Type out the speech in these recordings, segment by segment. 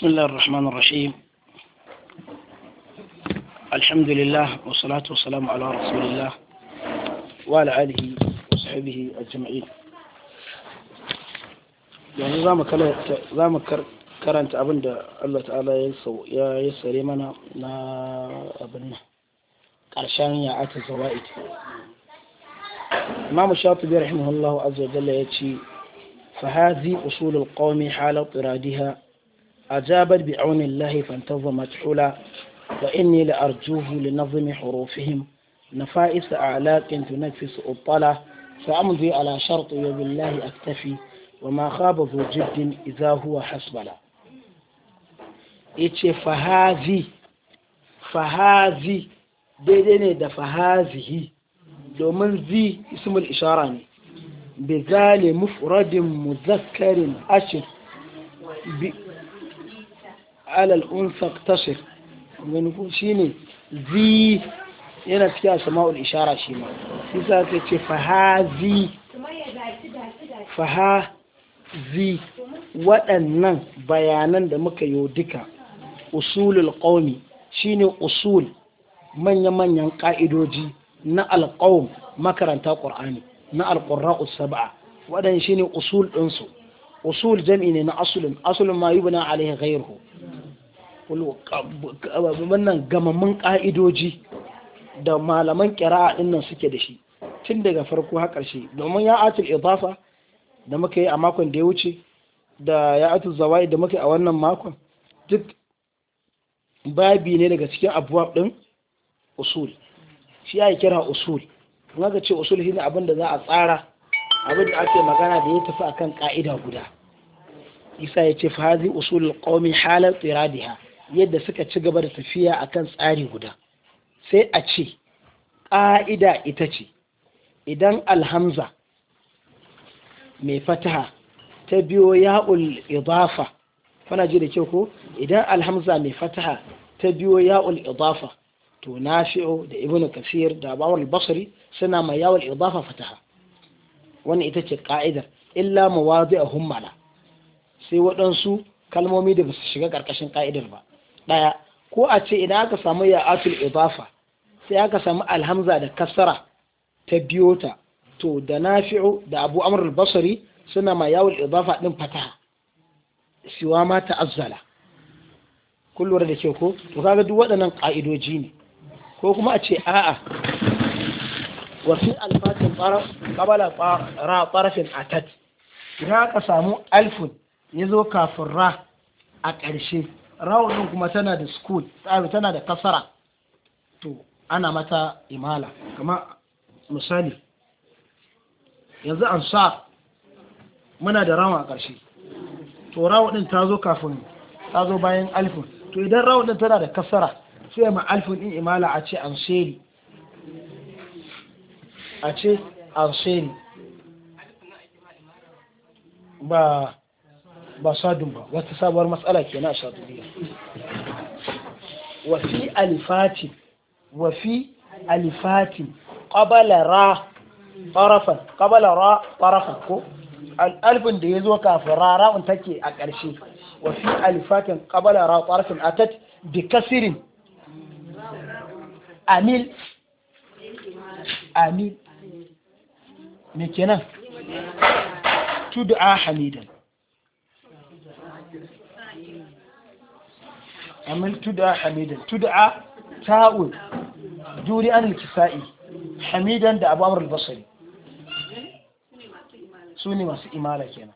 بسم الله الرحمن الرحيم الحمد لله والصلاة والسلام على رسول الله وعلى آله وصحبه أجمعين يعني زامك زامك كرنت أبن الله تعالى يسو يا يسلي منا نا أبنه علشان يا عت الزوائد ما مشاطبي رحمه الله عز وجل يأتي فهذه أصول القوم حال اضطرادها أجابت بعون الله فانتظمت حلا وإني لأرجوه لنظم حروفهم نفائس أعلاق تنفس الطلا فأمضي على شرط وبالله أكتفي وما خاب ذو جد إذا هو حسبلا yace fahazi fahazi daidai ne da fahazihi domin zi ismul ishara ne bi zali mufradin muzakkarin ashir alal unsa tashir gani ko shine zi yana sama asma'ul ishara shi ma shi sa ka ce fahazi zi waɗannan bayanan da muka yi duka usulul qaumi shine usul manya-manyan ka'idoji na alqaum makaranta qur'ani na alqurra'us sab'a waɗannan shine usul ɗinsu usul jam'i ne na asulin asulin ma yubna alaihi ghayruhu wannan gamamman ka'idoji da malaman kira'a dinnan suke da shi tun daga farko har domin ya atul idafa da muka yi a makon da ya wuce da ya atul zawai da muka yi a wannan makon duk babi ne daga cikin abuwa din usul shi ya kira usul kuma ga ce usul shine abin da za a tsara abin da ake magana da ya tafi akan ka'ida guda isa ya ce fa hazi usul qaumi halar tsiradiha yadda suka ci gaba da tafiya akan tsari guda sai a ce ƙa'ida ita ce idan alhamza mai fataha ta biyo ya'ul idafa kuna ji da kyau ko idan alhamza mai fataha ta biyo ya'ul idafa to nafi'u da ibnu kasir da bawar basri suna mai ya'ul idafa fataha wannan ita ce ka'idar illa mawadi a hummala sai waɗansu kalmomi da ba su shiga ƙarƙashin ka'idar ba ɗaya ko a ce idan aka samu ya atul ibafa sai aka samu alhamza da kasara ta biyo ta to da nafi'u da abu amr basari suna ma yawul ibafa din fataha siwa ma ta'azzala kun da ke ko to kaga duk waɗannan ka'idoji ne ko kuma a ce a'a wafi alfatin kabala ra ƙarfin atat ra ka samu alfun ya zo kafin ra a ƙarshe rawunin kuma tana da school tsari tana da kasara to ana mata imala Kama misali yanzu an sa muna da rawa a ƙarshe to rawunin ta zo kafin ta zo bayan alfun to idan rawunin tana da kasara sai ma alfun in imala a ce an sheri a ce arseni ba ba sadun ba wata sabuwar matsala ke na saduriya wafi alifati wafi alifati ƙabala ra ƙarafan ƙabala ra ƙarafan ko alifin da ya zo kafin rara'un take a ƙarshe wafi alifatin ƙabala ra ƙarafin a tat bi kasirin amil amil me kenan tud'a hamidan amil tud'a hamidan tud'a ta'ul juri an al-kisa'i hamidan da abu amr al-basri suni masu imala kenan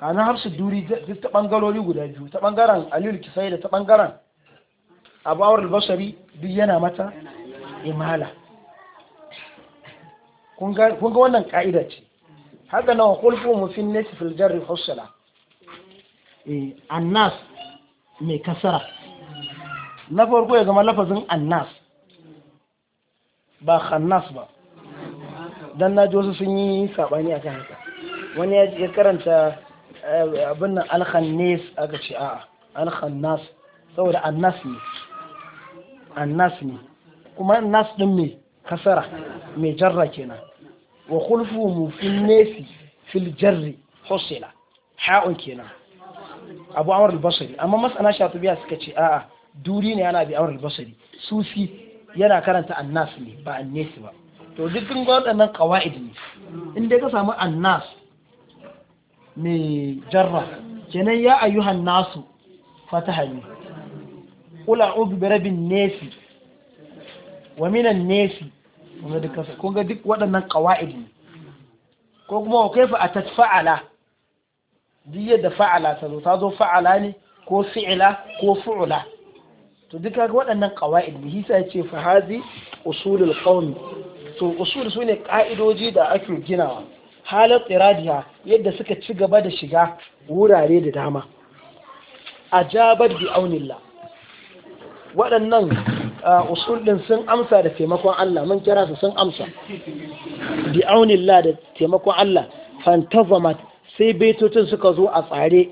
kana hafsu duri duk ta bangarori guda biyu ta bangaren alil kisai da ta bangaren abu amr al-basri duk yana mata imala kun ga wannan ka'ida ce haka na hulfu mufin ne fil jarri husala eh, annas mai kasara na farko ya zama lafazin annas ba khannas ba dan na ji wasu sun yi sabani a kan haka wani ya karanta eh, abin nan alkhannes aka ce a'a alkhannas saboda annas ne annas ne kuma annas din me kasara mai jarra kenan wa mu fil nesi fil jarri husila ha'un kenan abu amr amma masana shatubiya suka ce a'a duri ne yana bi amur albasari sufi yana karanta annas ne ba annas ba to duk kun waɗannan kawa'id ne inda dai ka samu annas mai jarra kenan ya ayyuhan nasu fata hanyu qul bi rabin wa minan nesi wanda duka kun ga duk waɗannan qawaid ne ko kuma wa kaifa fa'ala duk yadda fa'ala ta zo ta zo fa'ala ne ko fi'ila ko fu'ula to duka waɗannan ƙawa'id ne hisa ce fa hazi usulul qawmi to usul sune ka'idoji da ake ginawa halar tsiradiya yadda suka ci gaba da shiga wurare da dama a jabar bi aunillah waɗannan usul din sun amsa da taimakon Allah mun kira su sun amsa bi aunillah da taimakon Allah fantazamat sai baitocin suka zo a tsare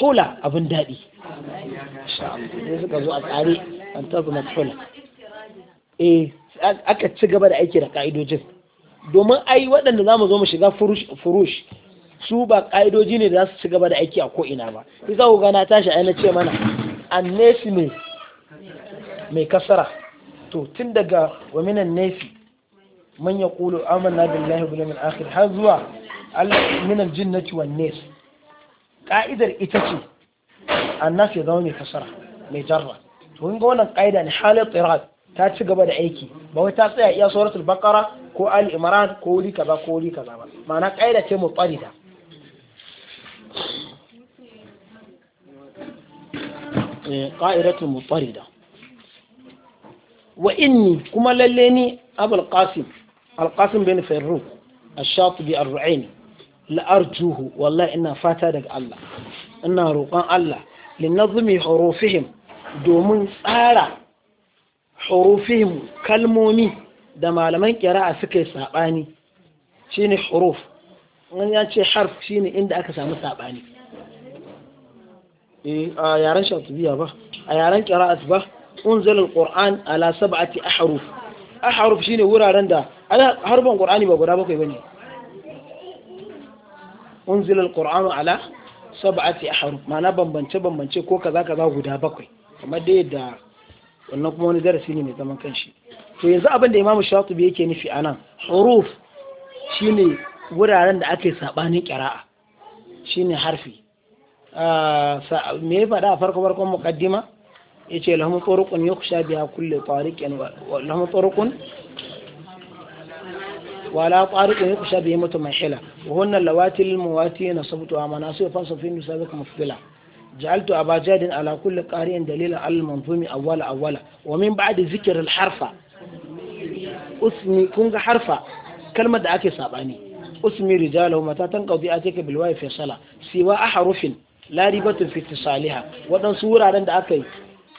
hula abin daɗi sai suka zo a tsare fantazamat hula eh aka ci gaba da aiki da ka'idojin domin ai waɗanda za mu zo mu shiga furush su ba ƙa'idoji ne da za su ci gaba da aiki a ko'ina ba sai ga ku gana tashi a ce mana annesi ne mai kasara to tun daga wa minan nafi man yaqulu amanna billahi wal yawmil akhir har zuwa Allah minal jinnati wan nas ka'idar ita ce annas ya zama mai kasara mai jarra to kun ga wannan ka'ida ne halal tirad ta ci gaba da aiki ba wai ta tsaya iya suratul baqara ko ali imran ko wuri kaza ko wuri kaza ba ma'ana ka'ida ce mu tsarida قائرة مضطردة wa inni kuma lalle ni abul qasim al qasim bin farruq ash-shatibi ar-ru'aini la arjuhu wallahi ina fata daga Allah ina roƙon Allah linazmi hurufihim domin tsara hurufihim kalmomi da malaman kira'a suka yi sabani shine huruf in ya ce harf shine inda aka samu sabani eh a yaran shatibiya ba a yaran qira'at ba unzal alquran ala sab'ati ahruf ahruf shine wuraren da harban qur'ani ba guda bakwai bane unzal alquran ala sab'ati ahruf ma'ana bambance bambance ko kaza kaza guda bakwai kamar da yadda wannan kuma wani darasi ne mai zaman kanshi to yanzu abin da imamu shatibi yake nufi anan huruf shine wuraren da ake sabanin qira'a shine harfi me ya faɗa a farko farkon muqaddima يجي لهم طرق يخشى بها كل طارق لهم طرق ولا طارق يخشى بهم تمحلة وهن اللواتي المواتي نصبتها مناصب فانصب في نسابك مفضلة جعلت أبا جاد على كل قارئ دليل على المنظوم أول أول ومن بعد ذكر الحرفة أسمي كونغ حرفة كلمة أكي صاباني أسمي رجاله متى تنقضي أتيك بالواي في صلاة سوى أحرف لا ريبة في اتصالها ودن صورة عند أكي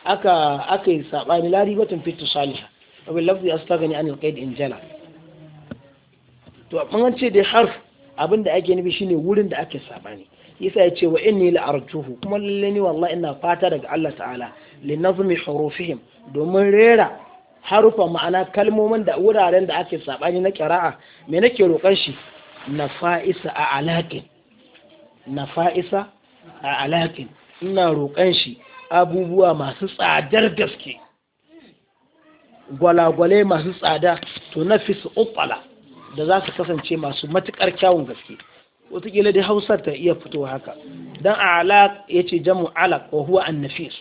aka aka yi sabani lari batun fitu tusaliha wa lafzi astaghni an alqaid in jala to an ce dai harf abinda ake nufi shine wurin da ake sabani yasa ya ce wa inni la arjuhu kuma lalle ni wallahi ina fata daga Allah ta'ala li nazmi hurufihim domin rera harufa ma'ana kalmomin da wuraren da ake sabani na qira'a me nake roƙan shi nafa'isa a alaqin nafa'isa a alaqin ina roƙan shi abubuwa masu tsadar gaske gwalagwale masu tsada to na fi su da za su kasance masu matuƙar kyawun gaske wataƙila dai hausar ta iya fito haka don a alaƙ ya ce jamu alaƙ wa huwa an nafis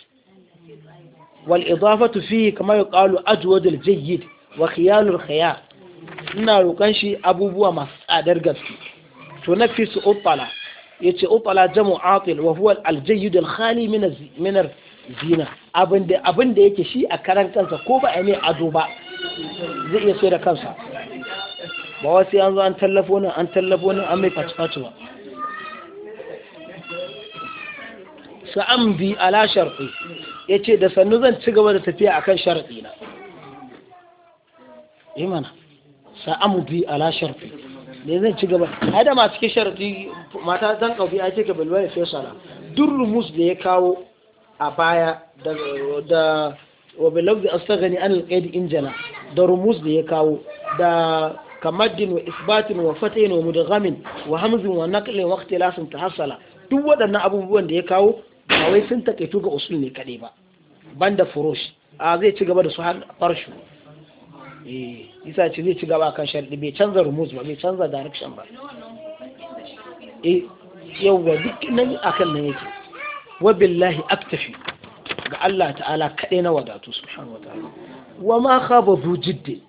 wal idafatu fi kama ya ƙalu ajwadul jayyid wa ina roƙon shi abubuwa masu tsadar gaske to na fi su yace utala jamu atil wa huwa aljayyid alkhali min min zina abinda abinda yake shi a karan kansa ko ba a ne ado ba zai iya sai da kansa ba wasu yanzu an tallafo nan an tallafo nan an mai faci-faci ba bi ala sharqi yace da sannu zan ci gaba da tafiya akan sharqi na imana bi ala sharqi ne zai ci gaba ai da masu ke sharafi mata zan kafi ake ka balwa ya fesala duk rumus da ya kawo a baya da da wa gani astaghni an alqaid injana da rumus da ya kawo da kamaddin wa isbatin wa fatayin wa mudagamin wa hamzin wa naqlin wa ta hasala duk waɗannan abubuwan da ya kawo ba wai sun takaitu ga usul ne kaɗai ba banda furush a zai ci gaba da su har farshu eh isa ce zai ci gaba kan sharɗi bai canza rumus ba bai canza direction ba eh yawwa duk nan akan nan yake wa billahi aktafi ga Allah ta'ala kaɗai na wadatu subhanahu wa ta'ala wa ma khaba bu jiddi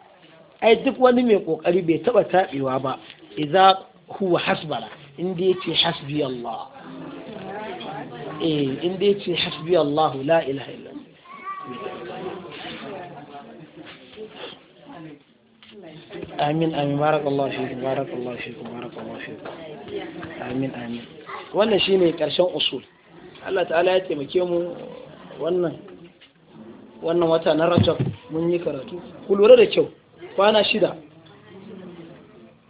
ai duk wani mai kokari bai taba tabewa ba idza huwa hasbara inda yace hasbi Allah eh inda yace hasbi Allah la ilaha amin amin barakallahu fikum barakallahu fikum barakallahu fikum amin amin wannan shine karshen usul Allah ta'ala ya taimake mu wannan wannan wata na Rajab mun yi karatu ku lura da kyau kwana shida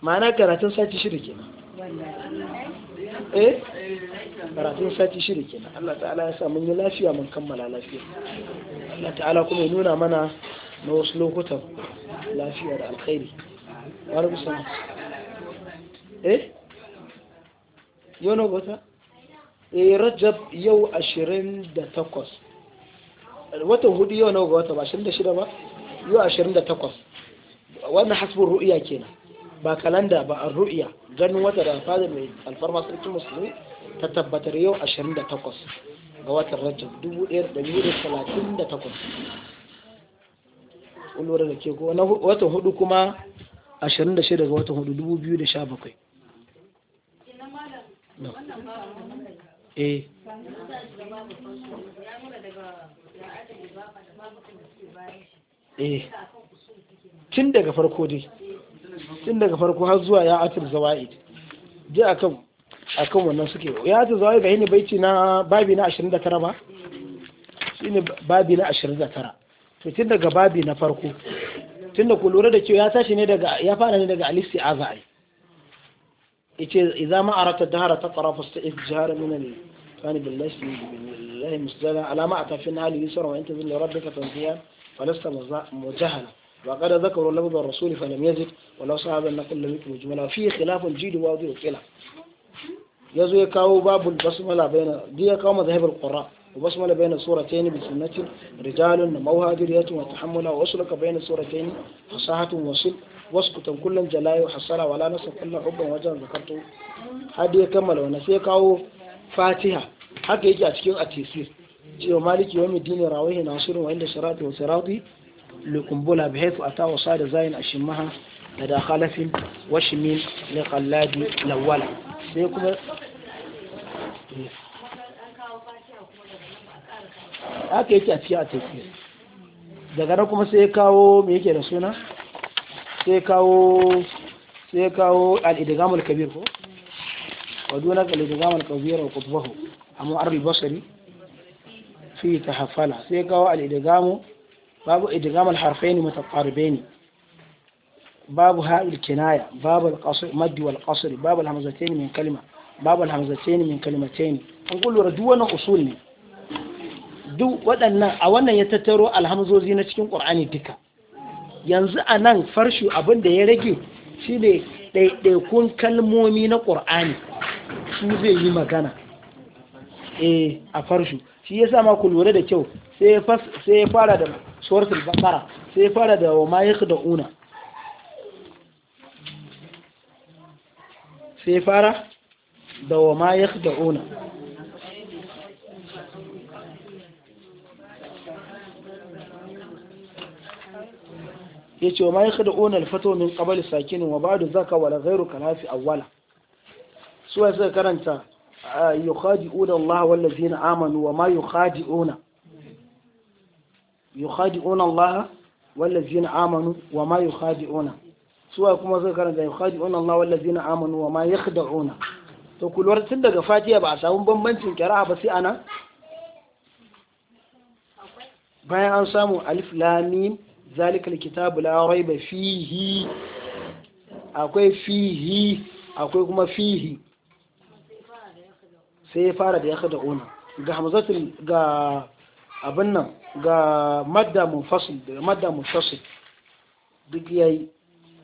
ma'ana karatun sati shida kenan eh karatun sati shida kenan Allah ta'ala ya sa mun yi lafiya mun kammala lafiya Allah ta'ala kuma ya nuna mana na wasu lokutan lafiya da alkhairi Warabusa. Eh? eh yau ashirin da takwas. Watan hudu yau nawa ashirin da shida ba? Yau ashirin da takwas. kenan. Ba kalanda ba a ganin wata da mai alfarma sarkin ta tabbatar yau ashirin 26 ga watan 4 2017 eh. eh tun daga farko dai tun daga farko har zuwa ya atar zawa'id je akan akan wannan suke ya atar zawa'id ga yini baiti na babi na 29 ba shi ne babi na 29 to tun daga babi na farko tunda ku lura da cewa ya tashi ne daga ya fara ne daga Alisi azai yace idza ma arata dahara ta tarafa sta'id min al kana billahi billahi musdala alama ata fi nali yusra wa anta bil rabbika tanziya falasta mujahala وقد ذكروا لفظ الرسول فلم يزد ولو صعب ان كل ذكر مجملا فيه خلاف جيد واضح وخلاف يزو يكاو باب البسمله بين دي يكاو مذهب القراء وبسمل بين السورتين بسنة رجال موهاجرية وتحمل وأسلك بين السورتين فصاحة وصل واسكت كل جلاء وحصل ولا نصر كل حب وجه ذكرته هذه كمل ونسيك أو فاتحة haka yake a cikin atisir cewa maliki yawmi dini rawahi nasirun wa inda sirati wa sirati لقنبلة بحيث أتى وصاد زين أشمها لدى خلف وشميل لقلاد لولا سيكون haka yake a cikin a tafi daga nan kuma sai kawo mai yake da suna sai kawo sai kawo al'idigamul kabir ko wa duna al kabir wa qutbahu amma ar al-basri fi tahafala sai kawo al-idgamu babu idgamul harfaini ne babu ha'il kinaya babu al-qasr maddi wal qasr babu al-hamzatayn min kalima babu al-hamzatayn min kalimatayn an kullu rajuwan usul ne duk waɗannan a wannan ya tattaro alhamzozi na cikin ƙur'ani duka yanzu a nan farshu abin da ya rage shi ne ɗaiɗaikun kalmomi na ƙur'ani su zai yi magana E a farshi shi ya sama ku lura da kyau sai ya fara da suwarsu bakara sai ya fara da wa da una sai fara da wa da una ya ce wa ma yakhda'una ona alfato min kabali sakin wa ba'du zaka wala ghayru kalafi awwala su wai suka karanta kadi ona Allah wal ladina amanu wa ma yukhadi'una yukhadi'una Allah wal ladina amanu wa ma yukhadi'una su wai kuma suka karanta kadi ona Allah wal ladina amanu wa ma kada ona to kulwar tun daga fatiya ba a samun bambancin kira ba sai ana bayan an samu alif lamim zalikal kitabu la raiba fihi akwai fihi akwai kuma fihi sai ya fara da ya kada una ga hamzatul ga abin nan ga madda munfasil da madda munfasil duk yayi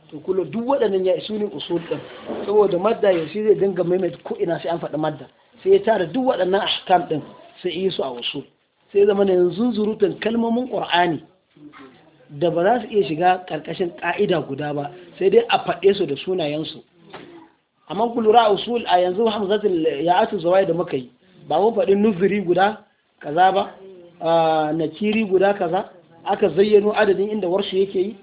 to kullu duk ya isu ne usul din saboda madda ya shi zai dinga maimaita ko ina sai an faɗi madda sai ya tara duk waɗannan ahkam din sai yi su a usul sai zama ne yanzu kalmomin qur'ani da ba za su iya shiga ƙarƙashin ƙa'ida guda ba sai dai a faɗe su da sunayensu amma kulura lura usul a yanzu hamzatul asu zawai da muka yi ba mu faɗi nufiri guda kaza ba nakiri guda kaza aka zayyano adadin inda warshe yake yi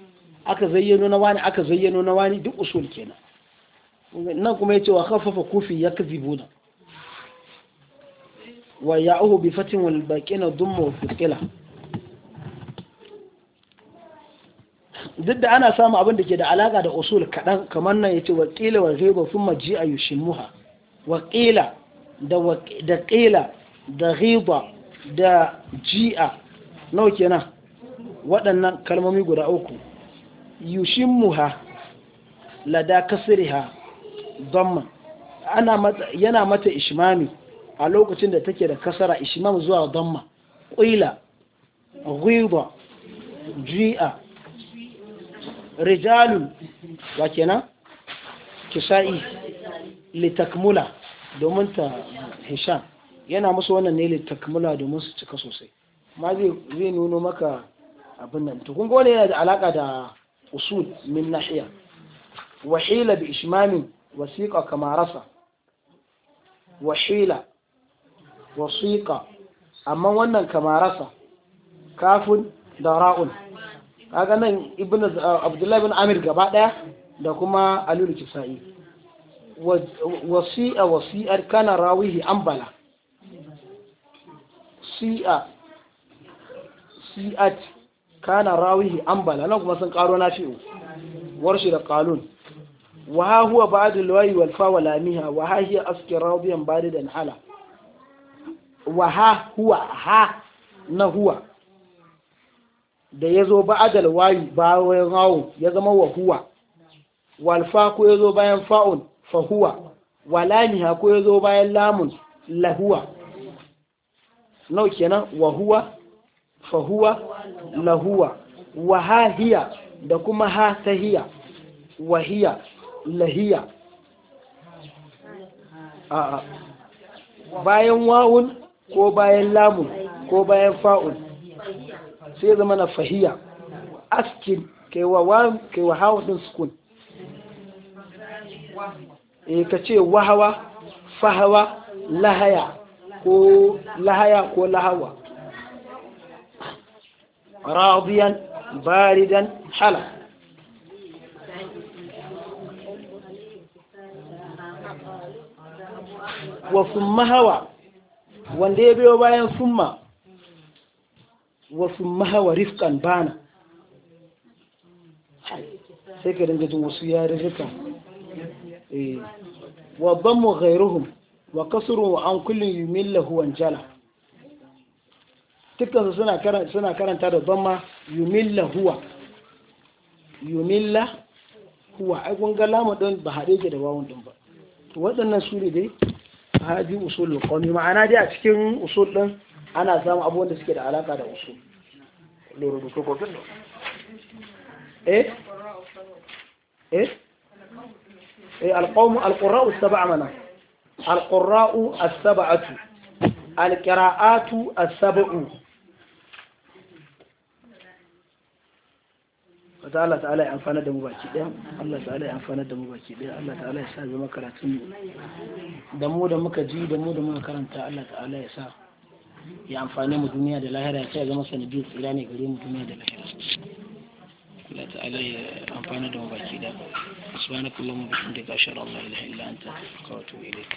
aka zayyano na wani aka zayyano na wani duk usul kenan nan kuma yace wa khaffafa kufi yakzibuna wa ya'uhu bi fatin wal baqina dhumma fi kila? duk da ana samun abin da ke da alaka da usul kaɗan kamar nan ya ce waƙila wa riba sun maji a yushimuha muha waƙila da ƙila da riba da ji'a kenan waɗannan kalmomi guda uku muha lada kasiriha ha yana mata ishimami a lokacin da take da kasara ishimami zuwa dhamma ƙila riba ji'a rijalun wa kenan kisa'i litakmula domin ta hisham yana musu wannan ne litakmula domin su cika sosai ma zai nuno maka abin nan to yana da alaka da usul min nahiya wahila bi ishmamin wasiƙa kama wahila wasiƙa, amma wannan kamarasa kafin da ra'un kaga nan ibn uh, abdullahi ibn amir gaba daya da kuma alul kisa'i wasi'a wasi'ar kana rawihi ambala si'a si'at kana rawihi ambala nan kuma sun karo nafi'u warshi da qalun wa huwa ba'du lawi wal fa wa lamiha wa ha hiya aski radiyan baridan ala wa ha huwa ha na huwa da ya zo ba'adal ba bayan rawun ya zama wa huwa walfa ko ya zo bayan fa'un fahuwa walaniha ko ya zo bayan lamun lahuwa nau kenan wa huwa fahuwa lahuwa wa hiya. da kuma ha tahiya wahiya lahiya bayan wawun ko bayan lamun ko bayan fa'un sai zama na fahiya askin kai wa kai E! sukun e ka ce wahawa fahawa lahaya ko lahaya ko lahawa radiyan baridan hala wa summa hawa wanda ya biyo bayan summa wasu mahawa rifkan bana sai ka dinga wasu ya rifka eh. wa dhammu ghairuhum wa wa an yi yumillahu huwan jala Tukansu suna karanta da ban da yi yumilla huwa yumilla huwa ai kun ga lamu ba haɗe ke da wawon din ba waɗannan su ne dai haɗi usul ma'ana dai a cikin usul ana samun abubuwan da suke da alaka da wasu lura da tsofaffin da eh eh eh alqawmu alqura'u sab'a mana alqura'u as alƙira'atu alqira'atu as-sab'u wata Allah ta'ala ya amfana da mu baki ɗaya Allah ta'ala ya amfana da mu baki ɗaya Allah ta'ala ya sa zama karatun da mu da muka ji da mu da muka karanta Allah ta'ala ya sa ya amfane mu duniya da lahira ya zama sanadiyar tsira ne gare mu duniya da lahira Allah ta'ala ya amfani da mabaki da subhanakallahumma bihamdika ashhadu an la ilaha illa anta astaghfiruka wa atubu ilaik